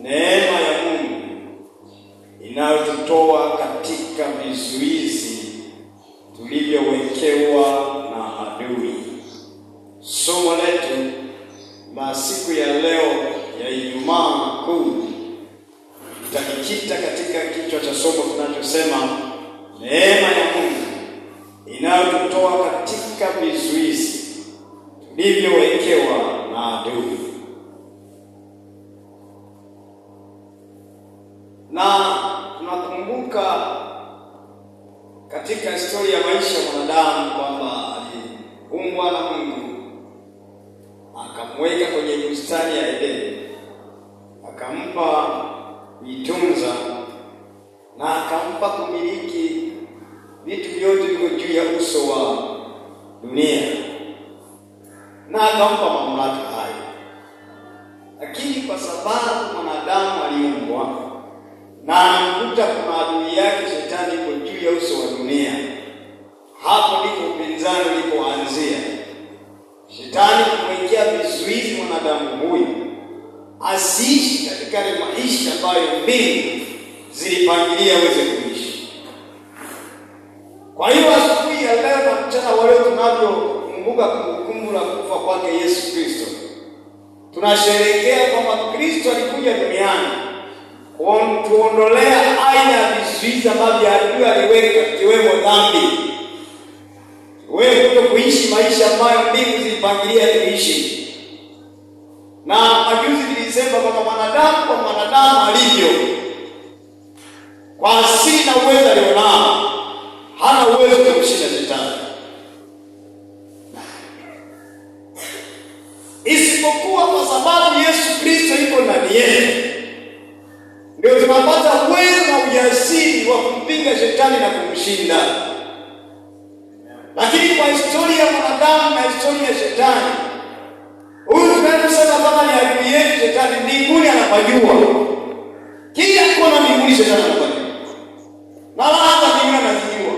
neema ya Mungu inayotutoa katika vizuizi tulivyowekewa na adui. Somo letu la siku ya leo ya Ijumaa Kuu tutakikita katika kichwa cha somo kinachosema neema ya Mungu inayotutoa katika vizuizi tulivyowekewa na adui. katika historia ya maisha ya mwanadamu kwamba aliumbwa na Mungu akamweka kwenye bustani ya Edeni, akampa kuitunza na akampa kumiliki vitu vyote vilivyo juu ya uso wa dunia na akampa mamlaka hayo, lakini kwa sababu mwanadamu aliumbwa na alimkuta maadui yake shetani yuko juu ya uso wa dunia. Hapo ndipo upinzani ulipoanzia, shetani kumwekea vizuizi mwanadamu huyu asiishi katika ile maisha ambayo mbili zilipangilia aweze kuishi. Kwa hiyo asubuhi ya leo na mchana wa leo tunavyokumbuka kumbukumbu la kufa kwake Yesu Kristo, tunasherehekea kwamba Kristo alikuja duniani kuondolea aina ya vizuizi ambavyo adui aliweka, kiwemo dhambi, kiwemo kuto kuishi maisha ambayo mbingu zilipangilia tuishi. Na majuzi nilisema kwamba mwanadamu kwa mwanadamu alivyo, kwa asili na uwezo alionao, hana uwezo wa kushinda shetani isipokuwa kwa sababu kumpiga shetani na kumshinda. Lakini kwa historia ya mwanadamu na historia ya shetani, huyu tunayemsema kama ni adui yetu shetani, mbinguni anapajua kila kona, mbinguni shetani anapajua na hata mbinguni anajijua,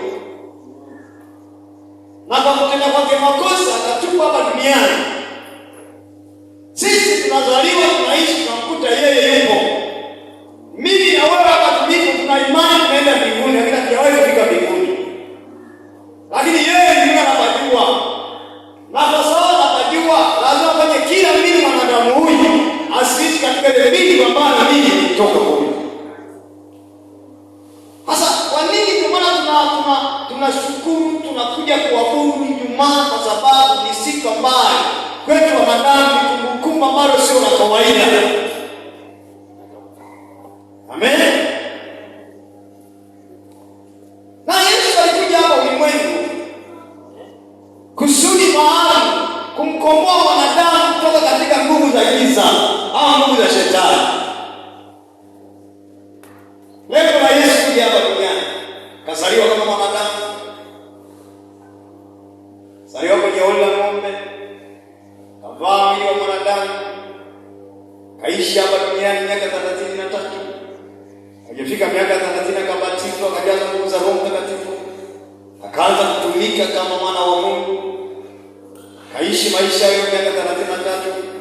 na kwa kutenda kwake makosa atatupa hapa duniani. imebidi pambana na mimi toka huko. Sasa kwa nini kwa maana tuna tunashukuru tunakuja kuabudu Ijumaa kwa sababu ni siku ambayo kwetu wa madhambi kumbukumbu ambalo sio la kawaida. Amen. Na Yesu alikuja hapa ulimwengu kusudi maalum kumkomboa mwanadamu kutoka katika nguvu za giza au nguvu yao. Lengo la Yesu kuja hapa duniani, kazaliwa kama mwanadamu, kazaliwa kwenye hori la ng'ombe, kavaa mwili wa mwanadamu, kaishi hapa duniani miaka thelathini na tatu. kajafika miaka thelathini akabatizwa, akajaza nguvu za Roho Mtakatifu, akaanza kutumika kama mwana wa Mungu, kaishi maisha hayo miaka thelathini na tatu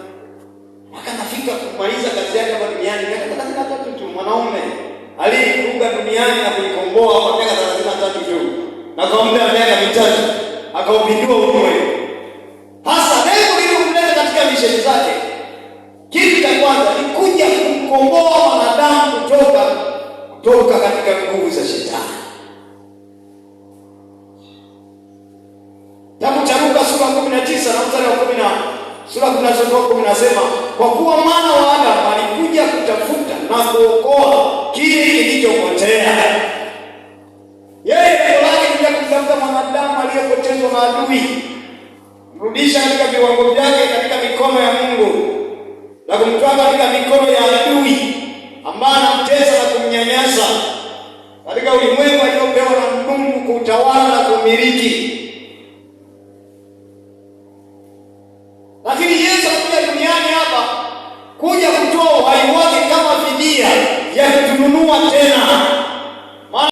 katika kumaliza kazi yake hapa duniani miaka 33 tu. Mwanaume aliyeruka duniani na kuikomboa kwa miaka 33 tu, na kwa muda wa miaka mitatu akaubindua umwe hasa lengo lililomleta katika misheni zake. Kitu cha kwanza ni kuja kumkomboa wanadamu kutoka kutoka katika nguvu za shetani. Kitabu cha Luka sura kumi na na mstari wa 10 na sura kumi na kumi nasema kwa kuwa mwana wa Adamu alikuja kutafuta na kuokoa kile kilichopotea. Yeye lengo lake ni kumtafuta mwanadamu aliyepotezwa na adui, mrudisha katika viwango vyake, katika mikono ya Mungu na kumtoa katika mikono ya adui ambaye anamtesa na kumnyanyasa katika ulimwengu aliopewa na Mungu kuutawala na kumiliki. kuja kutoa uhai wake kama fidia ya kutununua tena.